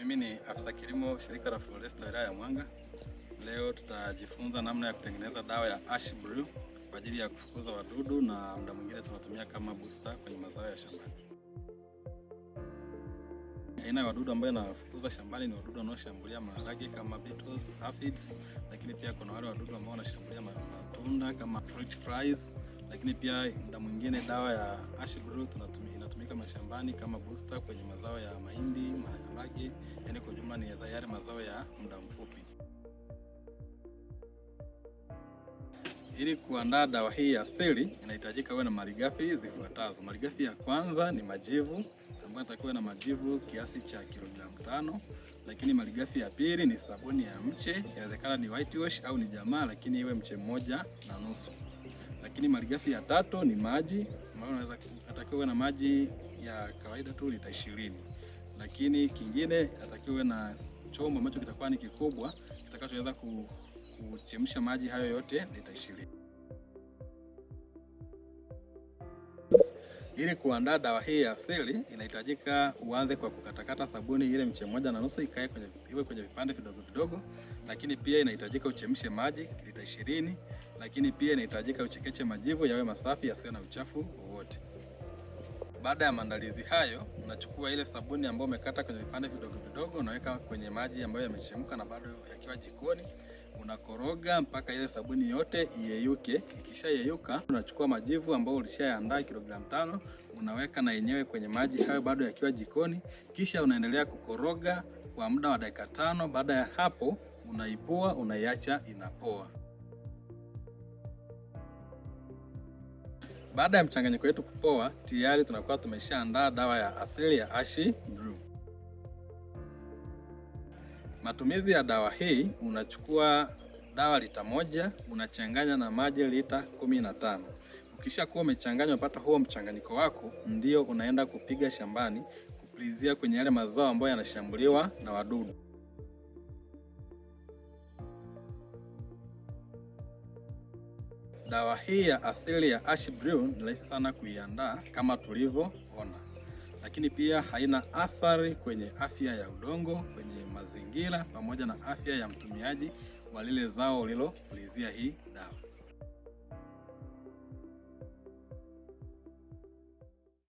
Mimi ni afisa kilimo shirika la Floresta wilaya ya Mwanga. Leo tutajifunza namna ya kutengeneza dawa ya ash brew kwa ajili ya kufukuza wadudu na muda mwingine tunatumia kama booster kwenye mazao ya shambani. Aina ya wadudu ambayo inafukuza shambani ni wadudu wanaoshambulia maharage kama beetles, aphids, lakini pia kuna wale wadudu ambao wanashambulia matunda kama fruit flies, lakini pia muda mwingine dawa ya ash brew tunatumia inatumika mashambani kama booster kwenye mazao ya mahindi, maharage kama ni tayari mazao ya muda mfupi. Ili kuandaa dawa hii ya asili inahitajika uwe na malighafi zifuatazo. Malighafi ya kwanza ni majivu ambayo atakiwa na majivu kiasi cha kilogramu tano, lakini malighafi ya pili ni sabuni ya mche, inawezekana ni whitewash au ni jamaa, lakini iwe mche mmoja na nusu. Lakini malighafi ya tatu ni maji ambayo unaweza atakiwa na maji ya kawaida tu lita ishirini lakini kingine atakiwe na chombo ambacho kitakuwa ni kikubwa kitakachoweza kuchemsha maji hayo yote lita ishirini. Ili kuandaa dawa hii ya asili inahitajika uanze kwa kukatakata sabuni ile mche moja na nusu ikae kwenye, iwe kwenye vipande vidogo vidogo, lakini pia inahitajika uchemshe maji lita ishirini, lakini pia inahitajika uchekeche majivu yawe masafi yasiyo na uchafu wowote. Baada ya maandalizi hayo, unachukua ile sabuni ambayo umekata kwenye vipande vidogo vidogo, unaweka kwenye maji ambayo yamechemka na bado yakiwa jikoni, unakoroga mpaka ile sabuni yote iyeyuke. Ikishayeyuka, unachukua majivu ambayo ulishayaandaa kilogramu tano, unaweka na yenyewe kwenye maji hayo bado yakiwa jikoni, kisha unaendelea kukoroga kwa muda wa dakika tano. Baada ya hapo, unaipua, unaiacha inapoa. Baada ya mchanganyiko wetu kupoa, tayari tunakuwa tumeshaandaa dawa ya asili ya Ashi Brew. Matumizi ya dawa hii, unachukua dawa lita moja unachanganya na maji lita kumi na tano. Ukishakuwa umechanganya upata huo mchanganyiko wako, ndio unaenda kupiga shambani kupulizia kwenye yale mazao ambayo yanashambuliwa na wadudu. Dawa hii ya asili ya ash brew ni rahisi sana kuiandaa kama tulivyoona, lakini pia haina athari kwenye afya ya udongo, kwenye mazingira, pamoja na afya ya mtumiaji wa lile zao ulilopulizia hii dawa.